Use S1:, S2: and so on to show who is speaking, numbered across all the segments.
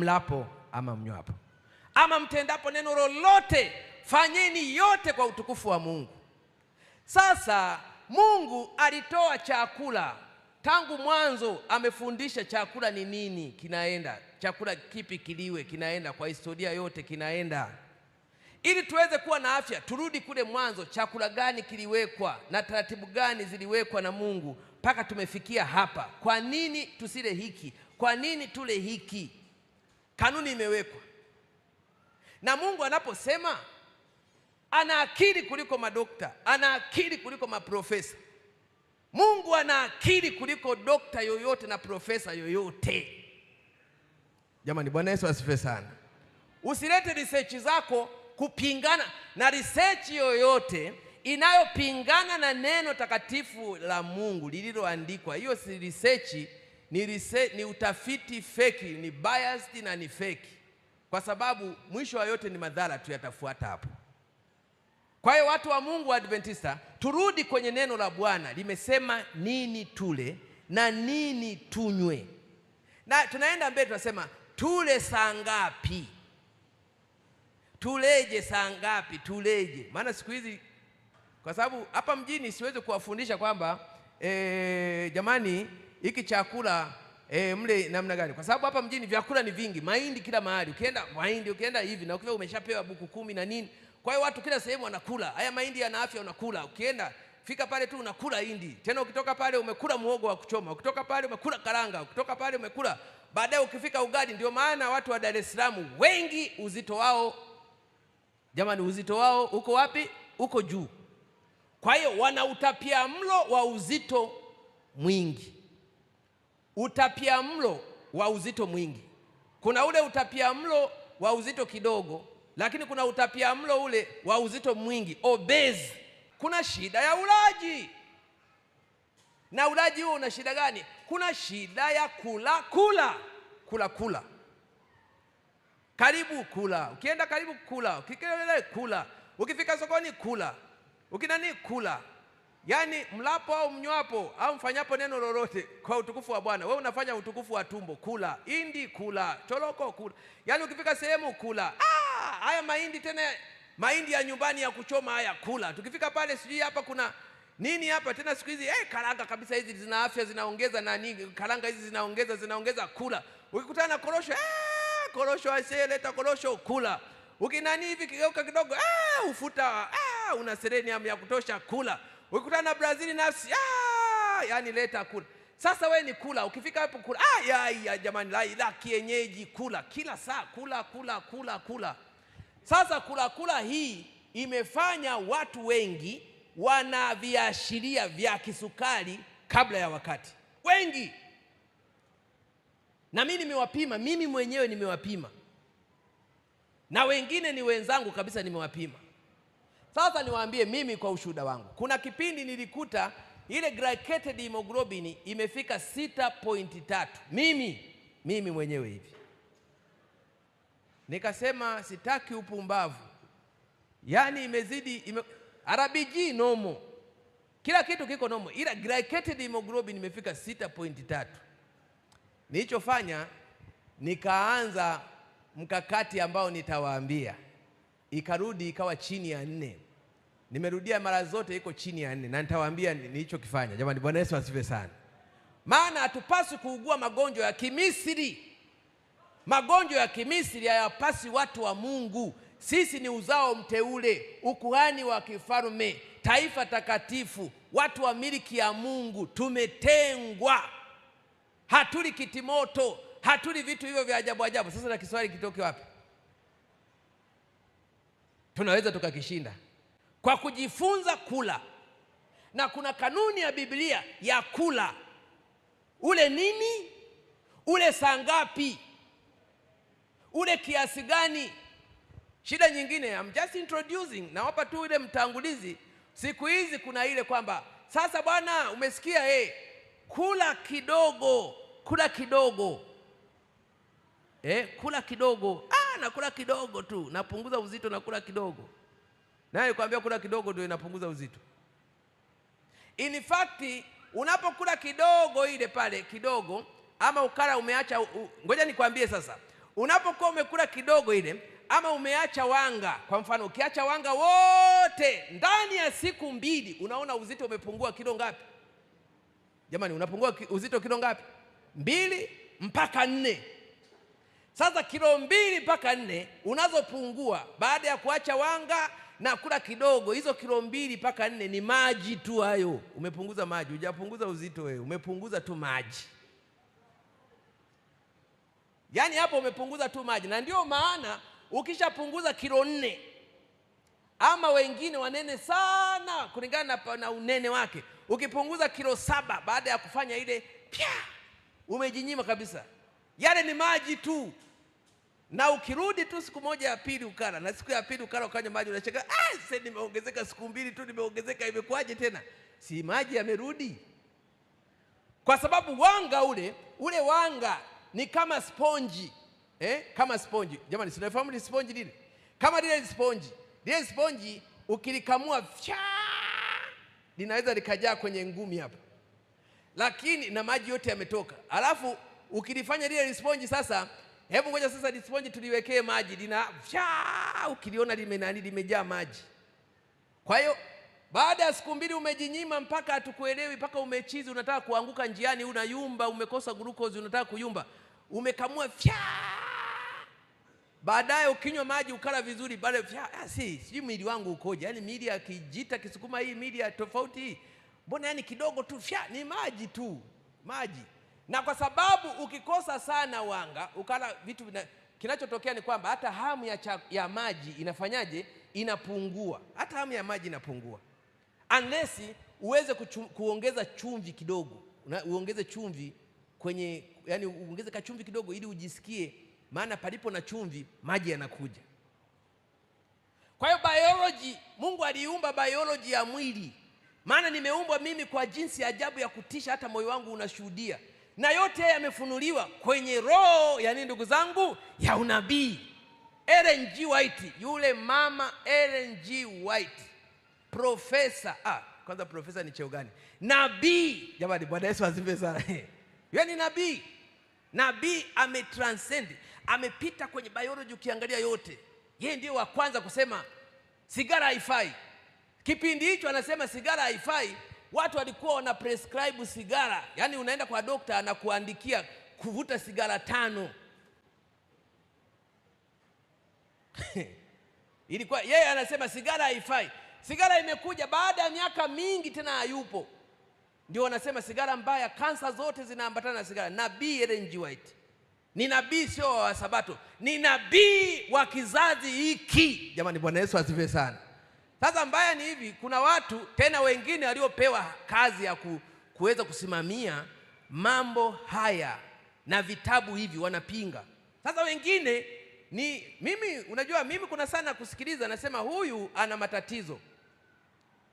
S1: mlapo ama mnywapo ama mtendapo neno lolote, fanyeni yote kwa utukufu wa Mungu. Sasa Mungu alitoa chakula tangu mwanzo, amefundisha chakula ni nini, kinaenda chakula kipi kiliwe, kinaenda kwa historia yote, kinaenda ili tuweze kuwa na afya. Turudi kule mwanzo, chakula gani kiliwekwa na taratibu gani ziliwekwa na Mungu mpaka tumefikia hapa. Kwa nini tusile hiki? Kwa nini tule hiki? Kanuni imewekwa na Mungu. Anaposema ana akili kuliko madokta, ana akili kuliko maprofesa. Mungu ana akili kuliko dokta yoyote na profesa yoyote. Jamani, Bwana Yesu asifiwe sana. Usilete research zako kupingana na research yoyote inayopingana na neno takatifu la Mungu lililoandikwa. Hiyo si research ni, research, ni utafiti feki, ni biased na ni feki, kwa sababu mwisho wa yote ni madhara tu yatafuata hapo. Kwa hiyo watu wa Mungu wa Adventista, turudi kwenye neno la Bwana limesema nini tule na nini tunywe, na tunaenda mbele tunasema tule saa ngapi, tuleje saa ngapi, tuleje? Maana siku hizi kwa sababu hapa mjini siwezi kuwafundisha kwamba e, jamani hiki chakula e, mle namna gani? Kwa sababu hapa mjini vyakula ni vingi, mahindi kila mahali, ukienda mahindi, ukienda hivi na ukiwa umeshapewa buku kumi na nini. Kwa hiyo watu kila sehemu wanakula haya mahindi, yana afya, unakula ukienda fika pale tu unakula hindi tena, ukitoka pale umekula muogo wa kuchoma, ukitoka pale umekula karanga, ukitoka pale umekula baadaye, ukifika ugali. Ndio maana watu wa Dar es Salaam wengi uzito wao jamani, uzito wao uko wapi? Uko juu. Kwa hiyo wana utapia mlo wa uzito mwingi utapia mlo wa uzito mwingi. Kuna ule utapia mlo wa uzito kidogo, lakini kuna utapia mlo ule wa uzito mwingi obese. Kuna shida ya ulaji, na ulaji huo una shida gani? Kuna shida ya kula kula kula kula, karibu kula, ukienda karibu kula, ukikelele kula, ukifika sokoni kula, ukinani kula Yaani mlapo au mnywapo au mfanyapo neno lolote kwa utukufu wa Bwana, wewe unafanya utukufu wa tumbo, kula indi, kula choroko, kula. Yaani ukifika sehemu kula. Ah, haya mahindi tena, mahindi ya nyumbani ya kuchoma haya, kula. Tukifika pale, sijui hapa kuna nini hapa tena siku hizi eh, karanga kabisa hizi zina afya, zinaongeza na nini, karanga hizi zinaongeza, zinaongeza, kula. Ukikutana na korosho, eh, korosho aisee, leta korosho, kula. Ukinani hivi kigeuka kidogo, eh, ufuta, eh, una selenium ya kutosha, kula ukikutana na Brazil nafsi ah, yani leta kula Sasa we ni kula, ukifika hapo kula ah, ya, ya, jamani la, la kienyeji kula kila saa kula kula kula kula. Sasa kula kula hii imefanya watu wengi wana viashiria vya kisukari kabla ya wakati, wengi na mimi nimewapima, mimi mwenyewe nimewapima, na wengine ni wenzangu kabisa, nimewapima sasa niwaambie mimi kwa ushuhuda wangu, kuna kipindi nilikuta ile glycated hemoglobin imefika 6.3 mimi mimi mwenyewe hivi, nikasema sitaki upumbavu, yaani imezidi ime, RBG nomo, kila kitu kiko nomo, ila glycated hemoglobin imefika 6.3. Nilichofanya nikaanza mkakati ambao nitawaambia ikarudi ikawa chini ya nne. Nimerudia mara zote, iko chini ya nne, na nitawaambia nilichokifanya. Jamani, Bwana Yesu asifiwe sana. Maana hatupaswi kuugua magonjwa ya kimisiri. Magonjwa ya kimisiri hayapasi watu wa Mungu. Sisi ni uzao mteule, ukuhani wa kifalme, taifa takatifu, watu wa miliki ya Mungu. Tumetengwa, hatuli kitimoto, hatuli vitu hivyo vya ajabu ajabu. Sasa na Kiswahili kitoke wapi? tunaweza tukakishinda kwa kujifunza kula, na kuna kanuni ya Biblia ya kula, ule nini, ule saa ngapi, ule kiasi gani. Shida nyingine, I'm just introducing, nawapa tu ile mtangulizi. Siku hizi kuna ile kwamba sasa, bwana, umesikia eh, hey, kula kidogo, kula kidogo eh, kula kidogo. Ah, nakula kidogo tu, napunguza uzito, nakula kidogo. Naye kuambia kula kidogo ndio inapunguza uzito. In fact, unapokula kidogo ile pale kidogo ama ukala umeacha u, ngoja nikwambie sasa, unapokuwa umekula kidogo ile ama umeacha wanga, kwa mfano ukiacha wanga wote ndani ya siku mbili, unaona uzito umepungua kilo ngapi? Jamani, unapungua uzito kilo ngapi? Mbili mpaka nne. Sasa kilo mbili mpaka nne unazopungua baada ya kuacha wanga na kula kidogo, hizo kilo mbili mpaka nne ni maji tu hayo. Umepunguza maji, hujapunguza uzito wewe, umepunguza tu maji. Yaani hapo umepunguza tu maji, na ndio maana ukishapunguza kilo nne ama wengine wanene sana kulingana na unene wake, ukipunguza kilo saba baada ya kufanya ile pya, umejinyima kabisa, yale ni maji tu na ukirudi tu siku moja ya pili ukala, na siku ya pili ukala ukanywa maji, unacheka ah, sasa nimeongezeka siku mbili tu nimeongezeka, imekuwaje tena? Si maji yamerudi, kwa sababu wanga ule ule wanga ni kama sponji eh, kama sponji. Jamani, sinafahamu ni sponji lile, kama lile sponji lile sponji ukilikamua fya linaweza likajaa kwenye ngumi hapa, lakini na maji yote yametoka, alafu ukilifanya lile sponji sasa hebu ngoja sasa disponji tuliwekee maji, lina ukiliona limenani limejaa maji. Kwa hiyo baada ya siku mbili umejinyima mpaka hatukuelewi, mpaka umechizi, unataka kuanguka njiani, unayumba, umekosa glucose, unataka kuyumba, umekamua fya. Baadaye ukinywa maji ukala vizuri, pale, ah, si sijui mwili wangu ukoje, Yani mili ya kijita kisukuma hii miili ya tofauti hii, mbona yani kidogo tu fya, ni maji tu maji na kwa sababu ukikosa sana wanga ukala vitu vina, kinachotokea ni kwamba hata hamu ya, cha, ya maji inafanyaje? Inapungua, hata hamu ya maji inapungua, unless uweze kuchum, kuongeza chumvi kidogo, uongeze chumvi kwenye, yani uongeze kachumvi kidogo ili ujisikie, maana palipo na chumvi maji yanakuja. Kwa hiyo biology, Mungu aliumba biology ya mwili, maana nimeumbwa mimi kwa jinsi ajabu ya kutisha, hata moyo wangu unashuhudia na yote yamefunuliwa kwenye roho yani, ndugu zangu, ya unabii. Ellen G. White, yule mama Ellen G. White, profesa ah, kwanza profesa ni cheo gani? Nabii jamani, Bwana Yesu azimbe sana yeye ni nabii. Nabii ametranscend, amepita kwenye biology, ukiangalia yote. Yeye ndiyo wa kwanza kusema sigara haifai. Kipindi hicho anasema sigara haifai watu walikuwa wana prescribe sigara, yaani unaenda kwa dokta anakuandikia kuvuta sigara tano ilikuwa yeye anasema sigara haifai. Sigara imekuja baada ya miaka mingi tena hayupo, ndio wanasema sigara mbaya, kansa zote zinaambatana na sigara. Nabii Ellen G. White ni nabii, sio wa Sabato, ni nabii wa kizazi hiki. Jamani, Bwana Yesu asifiwe sana. Sasa mbaya ni hivi, kuna watu tena wengine waliopewa kazi ya ku, kuweza kusimamia mambo haya na vitabu hivi wanapinga. Sasa wengine ni mimi, unajua mimi kuna sana kusikiliza, nasema huyu ana matatizo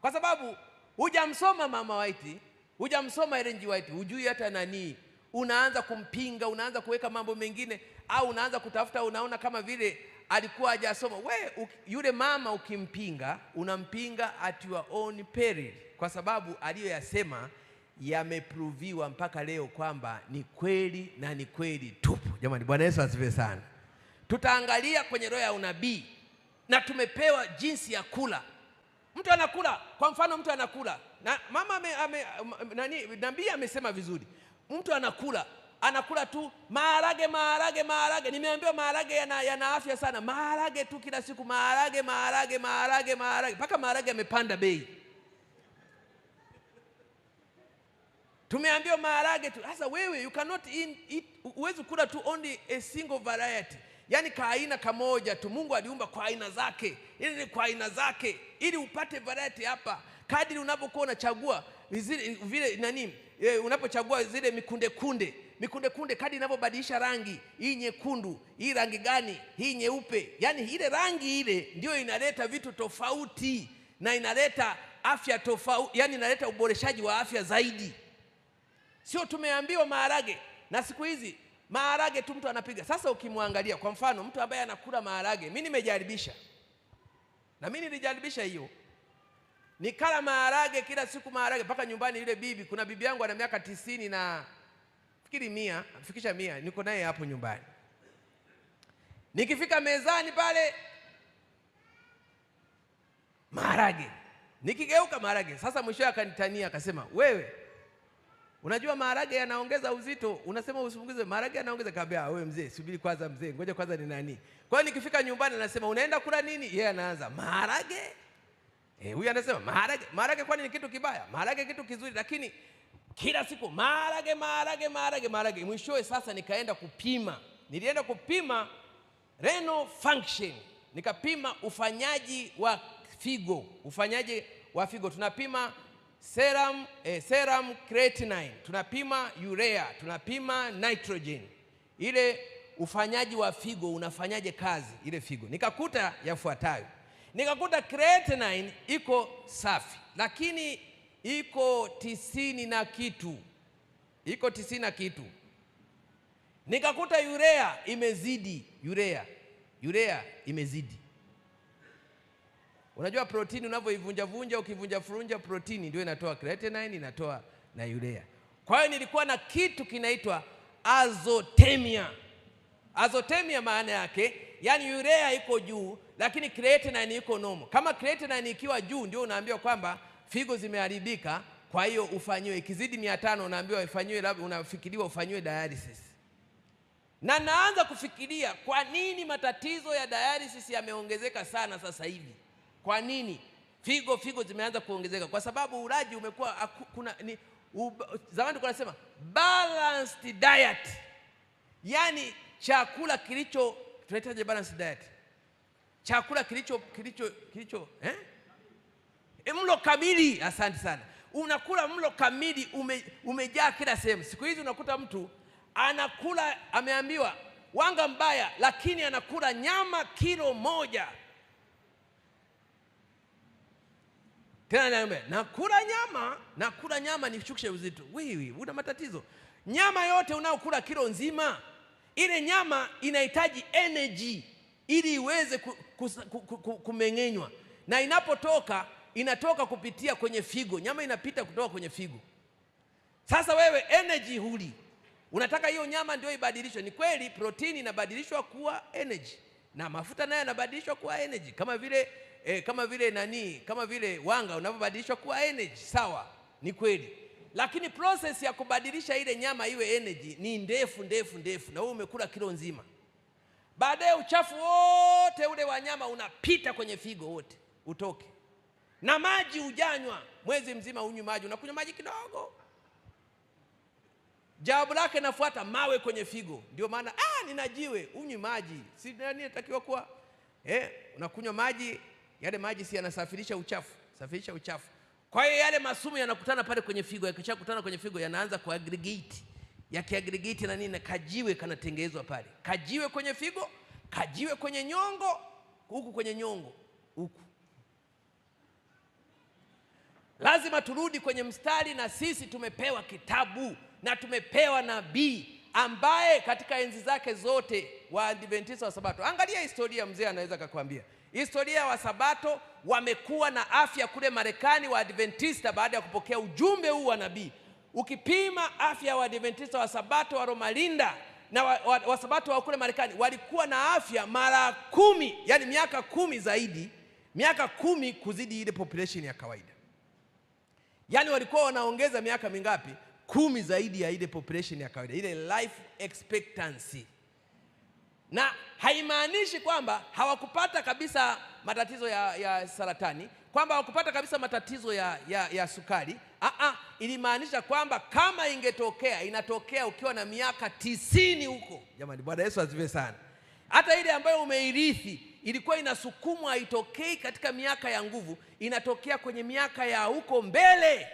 S1: kwa sababu hujamsoma Mama White, hujamsoma Ellen G. White, hujui hata nani, unaanza kumpinga, unaanza kuweka mambo mengine, au unaanza kutafuta, unaona kama vile alikuwa hajasoma. We yule mama ukimpinga, unampinga at your own peril, kwa sababu aliyoyasema yameproviwa mpaka leo kwamba ni kweli na ni kweli tupu. Jamani, Bwana Yesu asifiwe sana. Tutaangalia kwenye roho ya unabii na tumepewa jinsi ya kula. Mtu anakula, kwa mfano, mtu anakula na mama ame, ame, nani nabii amesema vizuri, mtu anakula anakula tu maharage maharage maharage. Nimeambiwa maharage yana, yana afya sana, maharage tu kila siku, maharage maharage maharage maharage, mpaka maharage yamepanda bei. Tumeambiwa maharage tu. Sasa wewe you cannot eat, huwezi kula tu only a single variety, yaani aina kamoja tu. Mungu aliumba kwa aina zake, ili ni kwa aina zake, ili upate variety hapa. Kadiri unavyokuwa unachagua vile nani Eh, unapochagua zile mikunde kunde mikunde kunde, kadi inavyobadilisha rangi, hii nyekundu, hii rangi gani, hii nyeupe, yani ile rangi ile ndio inaleta vitu tofauti na inaleta afya tofauti, yani inaleta uboreshaji wa afya zaidi. Sio tumeambiwa maharage, na siku hizi maharage tu mtu anapiga. Sasa ukimwangalia kwa mfano mtu ambaye anakula maharage, mimi nimejaribisha na mimi nilijaribisha hiyo nikala maharage kila siku maharage mpaka nyumbani. Yule bibi, kuna bibi yangu ana miaka tisini na fikiri mia, afikisha mia, niko naye hapo nyumbani. Nikifika mezani pale maharage, nikigeuka maharage. Sasa mwisho akanitania akasema, wewe unajua maharage yanaongeza uzito, unasema usipunguze maharage, yanaongeza. Kaambia ah, wewe mzee, subiri kwanza mzee, ngoja kwanza ni nani. Kwa hiyo nikifika nyumbani anasema unaenda kula nini? Yeye yeah, anaanza maharage Eh, huyu anasema maharage, maharage kwani ni kitu kibaya? Maharage kitu kizuri, lakini kila siku maharage, maharage, maharage, maharage. Mwishowe sasa nikaenda kupima, nilienda kupima renal function, nikapima ufanyaji wa figo, ufanyaji wa figo tunapima serum, eh, serum creatinine, tunapima urea, tunapima nitrogen, ile ufanyaji wa figo unafanyaje kazi ile figo, nikakuta yafuatayo nikakuta creatinine iko safi, lakini iko tisini na kitu, iko tisini na kitu. Nikakuta urea imezidi, urea urea imezidi. Unajua protini unavyoivunjavunja, ukivunjafurunja protini ndio inatoa creatinine, inatoa na urea. Kwa hiyo nilikuwa na kitu kinaitwa azotemia. Azotemia maana yake yani urea iko juu, lakini creatinine iko nomo Kama creatinine ikiwa juu, ndio unaambiwa kwamba figo zimeharibika, kwa hiyo ufanyiwe. Ikizidi mia tano unaambiwa ufanyiwe, labda unafikiriwa ufanyiwe dialysis. Na naanza kufikiria kwa nini matatizo ya dialysis yameongezeka sana sasa hivi. Kwa nini figo figo zimeanza kuongezeka? Kwa sababu ulaji umekuwa kuna ni, zamani tulikuwa tunasema balanced diet, yani chakula kilicho tunahitaji balance diet, chakula kilicho kilicho kilicho eh? E, mlo kamili. Asante sana, unakula mlo kamili ume, umejaa kila sehemu. Siku hizi unakuta mtu anakula ameambiwa wanga mbaya, lakini anakula nyama kilo moja. Tena niambia, nakula nyama, nakula nyama nishukishe uzito. Wewe una matatizo, nyama yote unaokula kilo nzima ile nyama inahitaji energy ili iweze kumeng'enywa, na inapotoka inatoka kupitia kwenye figo. Nyama inapita kutoka kwenye figo. Sasa wewe energy huli, unataka hiyo nyama ndio ibadilishwe. Ni kweli protini inabadilishwa kuwa energy na mafuta nayo yanabadilishwa kuwa energy kama vile eh, kama vile nani, kama vile wanga unavyobadilishwa kuwa energy. Sawa, ni kweli lakini process ya kubadilisha ile nyama iwe energy ni ndefu ndefu ndefu, na wewe umekula kilo nzima. Baadaye uchafu wote ule wa nyama unapita kwenye figo wote utoke, na maji ujanywa mwezi mzima, unywi maji, unakunywa maji kidogo. Jawabu lake nafuata mawe kwenye figo. Ndio maana ah, nina jiwe, unywi maji, si nani atakiwa kuwa eh, unakunywa maji, yale maji si yanasafirisha uchafu, safirisha uchafu kwa hiyo yale masumu yanakutana pale kwenye figo, yakishakutana kwenye figo yanaanza kuaggregate, yakiaggregate na nini, kajiwe kanatengenezwa pale, kajiwe kwenye figo, kajiwe kwenye nyongo, huku kwenye nyongo huku. Lazima turudi kwenye mstari, na sisi tumepewa kitabu na tumepewa nabii ambaye katika enzi zake zote Waadventista wa Sabato, angalia historia, mzee anaweza akakwambia historia wa Sabato wamekuwa na afya kule Marekani wa Adventista baada ya kupokea ujumbe huu wa nabii. Ukipima afya ya wa Waadventista wa Sabato wa Romalinda na wa, wa, wa kule Marekani walikuwa na afya mara kumi, yani miaka kumi zaidi, miaka kumi kuzidi ile population ya kawaida. Yani walikuwa wanaongeza miaka mingapi? Kumi zaidi ya ile population ya kawaida, ile life expectancy na haimaanishi kwamba hawakupata kabisa matatizo ya, ya saratani kwamba hawakupata kabisa matatizo ya, ya, ya sukari. Aa, ilimaanisha kwamba kama ingetokea inatokea ukiwa na miaka tisini huko. Jamani, Bwana Yesu asifiwe sana. Hata ile ambayo umeirithi ilikuwa inasukumwa, haitokei katika miaka ya nguvu, inatokea kwenye miaka ya huko mbele.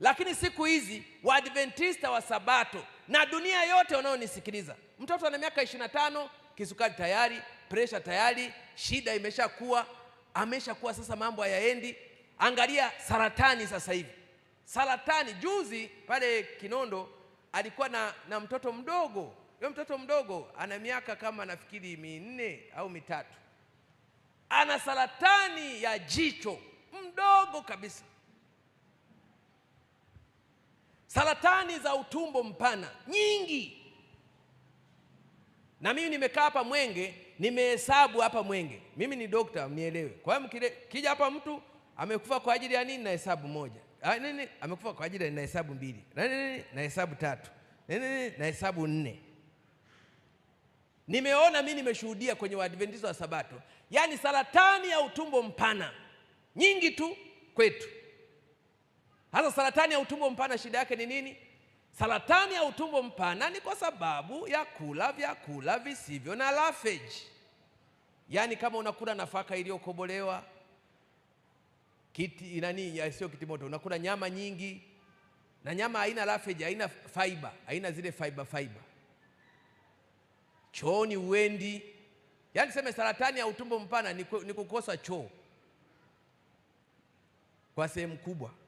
S1: Lakini siku hizi Waadventista wa Sabato na dunia yote wanaonisikiliza Mtoto ana miaka ishirini na tano, kisukari tayari, presha tayari, shida imeshakuwa, ameshakuwa sasa, mambo hayaendi. Angalia saratani sasa hivi, saratani. Juzi pale Kinondo alikuwa na, na mtoto mdogo. Yule mtoto mdogo ana miaka kama nafikiri minne au mitatu, ana saratani ya jicho, mdogo kabisa. Saratani za utumbo mpana nyingi na mimi nimekaa hapa Mwenge, nimehesabu hapa Mwenge. Mimi ni dokta, mnielewe. Kwa hiyo kija hapa mtu amekufa kwa ajili ya nini, na hesabu moja A, ah, nini amekufa kwa ajili ya na hesabu mbili na nini na hesabu tatu na nini na hesabu nne. Nimeona mimi nimeshuhudia kwenye Waadventista wa Sabato, yaani saratani ya utumbo mpana nyingi tu kwetu. Hasa saratani ya utumbo mpana shida yake ni nini? Saratani ya utumbo mpana ni kwa sababu ya kula vyakula visivyo na lafeji, yaani kama unakula nafaka iliyokobolewa kiti nani, sio kitimoto, unakula nyama nyingi, na nyama haina lafeji, haina fiber, haina zile fiber fiber, chooni uendi. Yaani seme saratani ya utumbo mpana ni kukosa choo kwa sehemu kubwa.